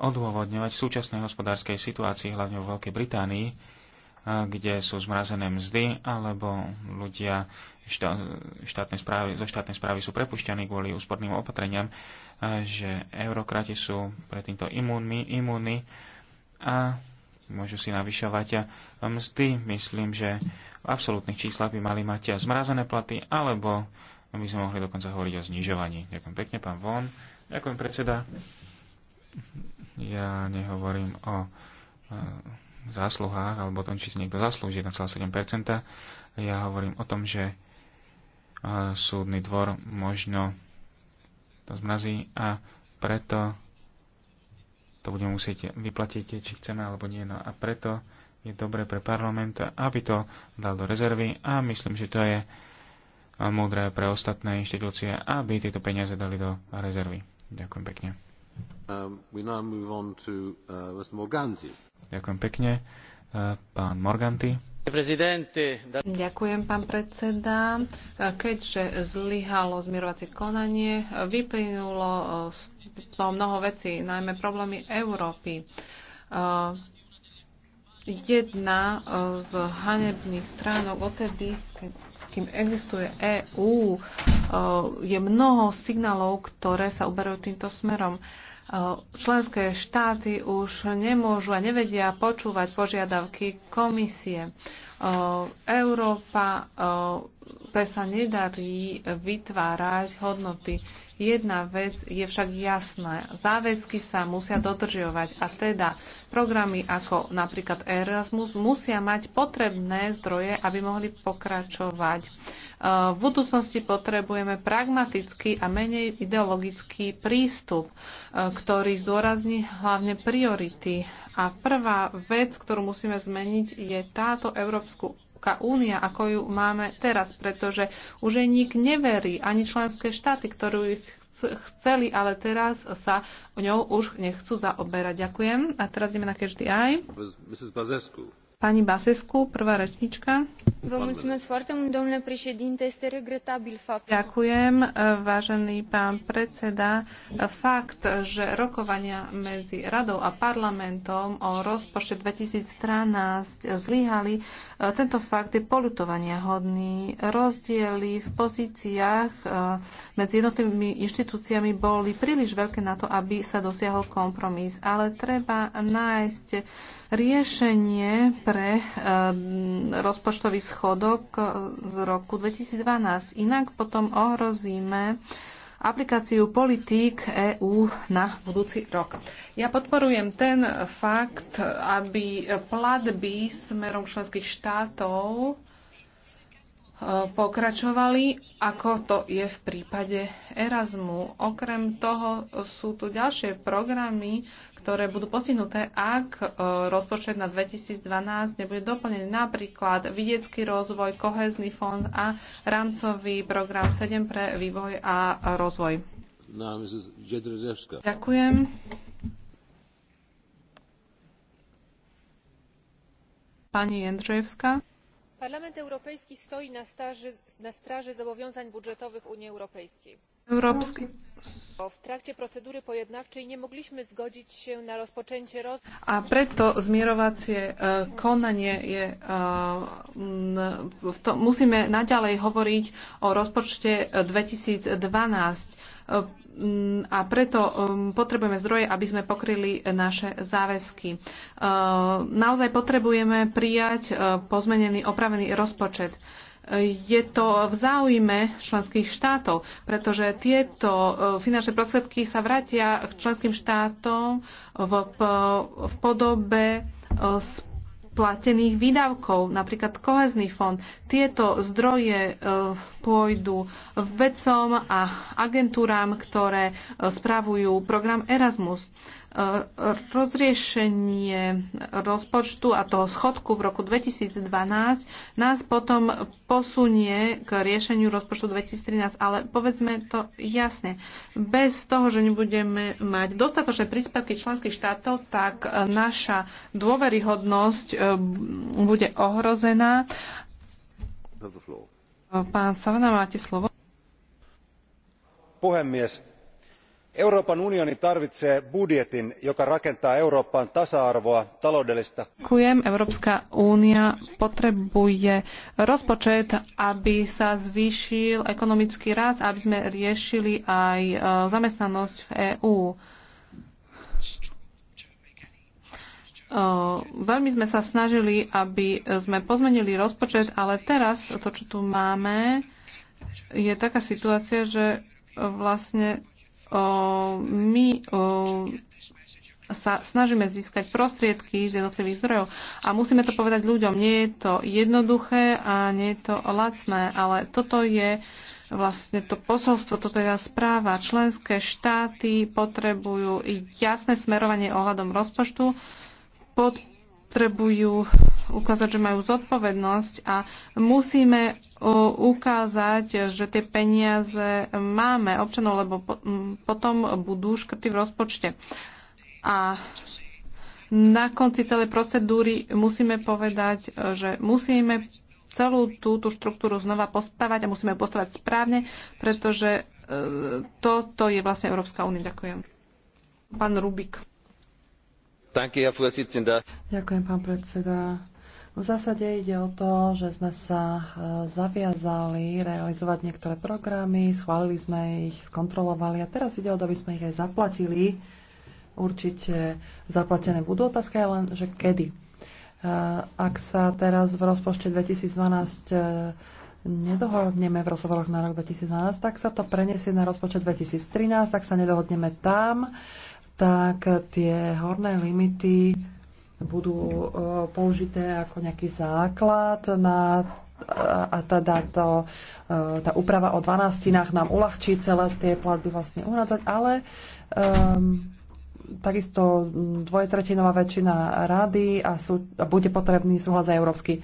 odôvodňovať v súčasnej hospodárskej situácii, hlavne vo Veľkej Británii, e, kde sú zmrazené mzdy, alebo ľudia štátne správy, zo štátnej správy sú prepušťaní kvôli úsporným opatreniam, e, že eurokrati sú pred týmto imúnmi, imúnni a môžu si navyšovať mzdy. Myslím, že v absolútnych číslach by mali mať zmrazené platy, alebo by sme mohli dokonca hovoriť o znižovaní. Ďakujem pekne, pán Von. Ďakujem, predseda. Ja nehovorím o e, zásluhách alebo o tom, či si niekto zaslúži 1,7%. Ja hovorím o tom, že e, súdny dvor možno to zmrazí a preto to budeme musieť vyplatiť, či chceme alebo nie. No a preto je dobré pre parlament, aby to dal do rezervy a myslím, že to je múdre pre ostatné inštitúcie, aby tieto peniaze dali do rezervy. Ďakujem pekne. Um, to, uh, Ďakujem pekne. Uh, pán Morganti. Ďakujem, pán predseda. Keďže zlyhalo zmierovacie konanie, vyplynulo e, z toho mnoho vecí, najmä problémy Európy. E, jedna e, z hanebných stránok odtedy, kým existuje EÚ, je mnoho signálov, ktoré sa uberajú týmto smerom. Členské štáty už nemôžu a nevedia počúvať požiadavky komisie. Európa sa nedarí vytvárať hodnoty. Jedna vec je však jasná. Záväzky sa musia dodržiavať a teda programy ako napríklad Erasmus musia mať potrebné zdroje, aby mohli pokračovať. E, v budúcnosti potrebujeme pragmatický a menej ideologický prístup, e, ktorý zdôrazní hlavne priority. A prvá vec, ktorú musíme zmeniť, je táto Európsku Európska únia, ako ju máme teraz, pretože už jej nik neverí, ani členské štáty, ktorú chceli, ale teraz sa o ňou už nechcú zaoberať. Ďakujem. A teraz ideme na každý aj. Mrs. Pani Basescu, prvá rečnička. Ďakujem, e, vážený pán predseda. E, fakt, že rokovania medzi radou a parlamentom o rozpočte 2013 zlyhali, e, tento fakt je polutovania hodný. Rozdiely v pozíciách medzi jednotlivými inštitúciami boli príliš veľké na to, aby sa dosiahol kompromis. Ale treba nájsť riešenie pre eh, rozpočtový schodok eh, z roku 2012. Inak potom ohrozíme aplikáciu politík EÚ na budúci rok. Ja podporujem ten fakt, aby platby smerom členských štátov eh, pokračovali, ako to je v prípade Erasmu. Okrem toho sú tu ďalšie programy, ktoré budú postihnuté, ak e, rozpočet na 2012 nebude doplnený. Napríklad vidiecký rozvoj, kohezný fond a rámcový program 7 pre vývoj a rozvoj. No, Ďakujem. Pani Jędrzejewska. Parlament Europejski stoi na, staży, na straży zobowiązań budżetowych Unii Europejskiej procedury pojednawczej nie mogliśmy zgodzić się na rozpoczęcie roz... A preto zmierovacie e, konanie je... E, to, musíme naďalej hovoriť o rozpočte 2012 e, a preto potrebujeme zdroje, aby sme pokryli naše záväzky. Naozaj potrebujeme prijať pozmenený, opravený rozpočet je to v záujme členských štátov, pretože tieto e, finančné prostriedky sa vrátia k členským štátom v, v podobe e, splatených výdavkov, napríklad kohezný fond. Tieto zdroje e, pôjdu vedcom a agentúram, ktoré spravujú program Erasmus rozriešenie rozpočtu a toho schodku v roku 2012 nás potom posunie k riešeniu rozpočtu 2013, ale povedzme to jasne. Bez toho, že nebudeme mať dostatočné príspevky členských štátov, tak naša dôveryhodnosť eh, bude ohrozená. Pán Savana, máte slovo. Puhemies, euroopan unioni tarvitsee budjetin joka rakentaa eurooppaan tasa arvoa taloudellista. ďakujem európska únia potrebuje rozpočet aby sa zvýšil ekonomický rast aby sme riešili aj e, zamestnanosť v eú. E, veľmi sme sa snažili, aby sme pozmenili rozpočet, ale teraz to, čo tu máme, je taká situácia, že vlastne my sa snažíme získať prostriedky z jednotlivých zdrojov. A musíme to povedať ľuďom. Nie je to jednoduché a nie je to lacné, ale toto je vlastne to posolstvo, toto je správa. Členské štáty potrebujú jasné smerovanie ohľadom rozpočtu, potrebujú ukázať, že majú zodpovednosť a musíme ukázať, že tie peniaze máme občanov, lebo potom budú škrty v rozpočte. A na konci celej procedúry musíme povedať, že musíme celú túto štruktúru znova postavať a musíme postavať správne, pretože e, toto je vlastne Európska únia. Ďakujem. Pán Rubik. Ďakujem, pán predseda. V zásade ide o to, že sme sa e, zaviazali realizovať niektoré programy, schválili sme ich, skontrolovali a teraz ide o to, aby sme ich aj zaplatili. Určite zaplatené budú otázka, len že kedy. E, ak sa teraz v rozpočte 2012 e, nedohodneme v rozhovoroch na rok 2012, tak sa to preniesie na rozpočet 2013. Ak sa nedohodneme tam, tak tie horné limity budú e, použité ako nejaký základ na a teda to, e, tá úprava o 12 nám uľahčí celé tie platby vlastne uhradzať, ale um, takisto dvojtretinová väčšina rady a, sú, a bude potrebný súhlas aj Európsky,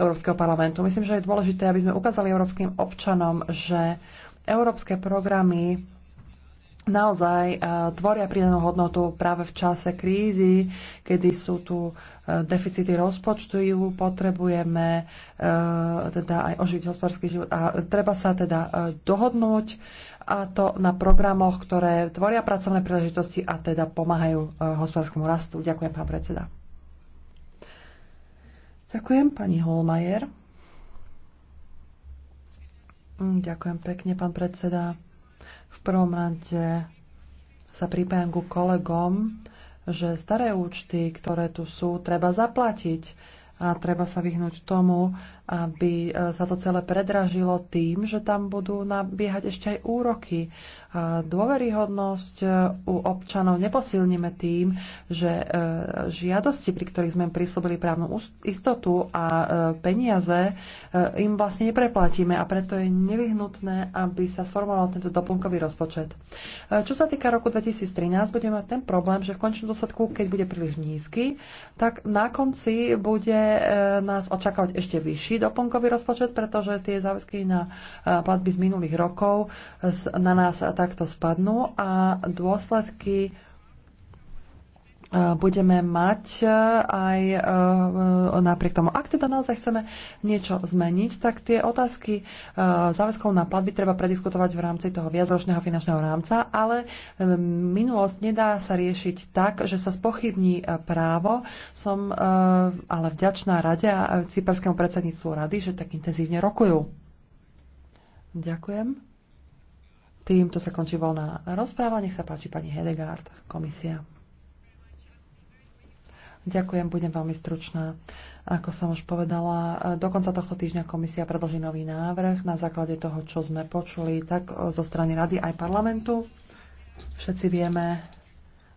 Európskeho parlamentu. Myslím, že je dôležité, aby sme ukázali európskym občanom, že európske programy naozaj e, tvoria pridanú hodnotu práve v čase krízy, kedy sú tu e, deficity rozpočtu, potrebujeme e, teda aj oživiť hospodársky život a treba sa teda dohodnúť a to na programoch, ktoré tvoria pracovné príležitosti a teda pomáhajú hospodárskému rastu. Ďakujem, pán predseda. Ďakujem, pani Holmajer. Ďakujem pekne, pán predseda. V prvom rade sa pripájam ku kolegom, že staré účty, ktoré tu sú, treba zaplatiť a treba sa vyhnúť tomu, aby e, sa to celé predražilo tým, že tam budú nabiehať ešte aj úroky. Dôveryhodnosť e, u občanov neposilníme tým, že e, žiadosti, pri ktorých sme im prislúbili právnu istotu a peniaze, im vlastne nepreplatíme a preto je nevyhnutné, aby sa sformoval tento doplnkový rozpočet. Čo sa týka roku 2013, budeme mať ten problém, že v končnom dôsledku, keď bude príliš nízky, tak na konci bude nás očakávať ešte vyšší doplnkový rozpočet, pretože tie záväzky na e, platby z minulých rokov na nás takto spadnú a dôsledky E, budeme mať e, aj e, napriek tomu. Ak teda naozaj chceme niečo zmeniť, tak tie otázky záväzkov na platby treba prediskutovať v rámci toho viacročného finančného rámca, ale minulosť nedá sa riešiť tak, že sa spochybní právo. Som ale vďačná rade a cyperskému predsedníctvu rady, že tak intenzívne rokujú. Ďakujem. Týmto sa končí voľná rozpráva. Nech sa páči pani Hedegaard, komisia. Ďakujem, budem veľmi stručná. Ako som už povedala, e, do konca tohto týždňa komisia predloží nový návrh na základe toho, čo sme počuli, tak e, zo strany rady aj parlamentu. Všetci vieme,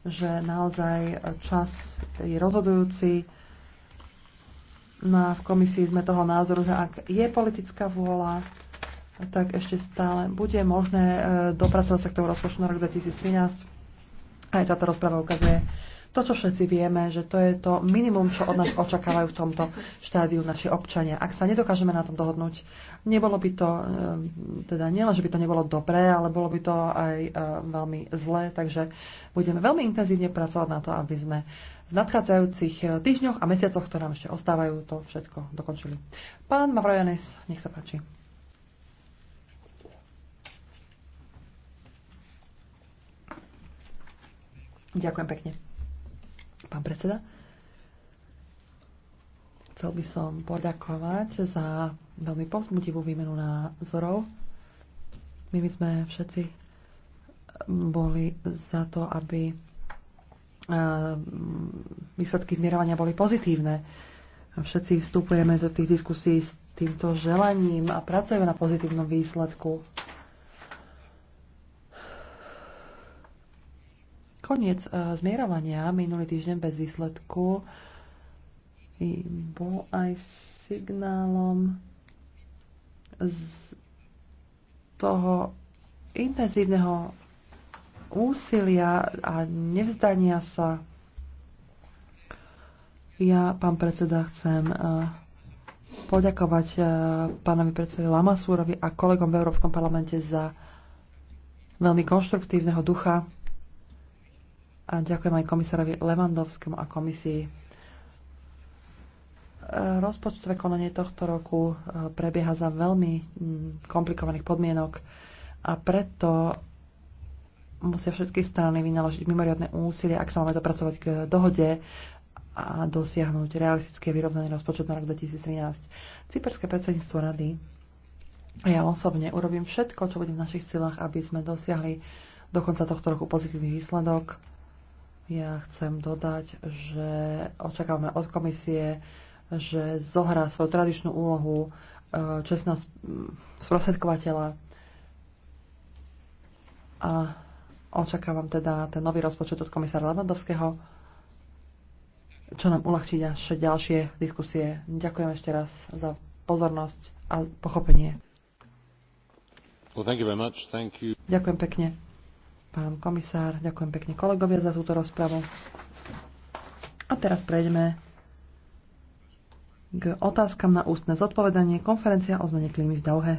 že naozaj e, čas je rozhodujúci. No v komisii sme toho názoru, že ak je politická vôľa, tak ešte stále bude možné dopracovať sa k tomu rozpočtu na rok 2013. Aj táto rozpráva ukazuje, to, čo všetci vieme, že to je to minimum, čo od nás očakávajú v tomto štádiu naši občania. Ak sa nedokážeme na tom dohodnúť, nebolo by to, eh, teda nielen, že by to nebolo dobré, ale bolo by to aj eh, veľmi zlé, takže budeme veľmi intenzívne pracovať na to, aby sme v nadchádzajúcich eh, týždňoch a mesiacoch, ktoré nám ešte ostávajú, to všetko dokončili. Pán Mavrojanes, nech sa páči. Ďakujem pekne. Pán predseda, chcel by som poďakovať za veľmi povzbudivú výmenu názorov. My by sme všetci boli za to, aby e, výsledky zmierovania boli pozitívne. Všetci vstupujeme do tých diskusí s týmto želaním a pracujeme na pozitívnom výsledku. Koniec e, zmierovania minulý týždeň bez výsledku bol aj signálom z toho intenzívneho úsilia a nevzdania sa. Ja, pán predseda, chcem e, poďakovať e, pánovi predsedovi Lamasúrovi a kolegom v Európskom parlamente za veľmi konštruktívneho ducha a ďakujem aj komisárovi Levandovskému a komisii. Rozpočtové konanie tohto roku e, prebieha za veľmi komplikovaných podmienok a preto musia všetky strany vynaložiť mimoriadne úsilie, ak sa máme dopracovať k dohode a dosiahnuť realistické vyrovnaný rozpočet na rok 2013. Cyperské predsedníctvo rady a ja osobne urobím všetko, čo bude v našich silách, aby sme dosiahli do konca tohto roku pozitívny výsledok ja chcem dodať, že očakávame od komisie, že zohrá svoju tradičnú úlohu e, čestného sprostredkovateľa a očakávam teda ten nový rozpočet od komisára Levandovského, čo nám uľahčí ďalšie, ďalšie diskusie. Ďakujem ešte raz za pozornosť a pochopenie. Well, thank you very much. Thank you. Ďakujem pekne pán komisár, ďakujem pekne kolegovia za túto rozpravu. A teraz prejdeme k otázkam na ústne zodpovedanie konferencia o zmene klímy v Dauhe.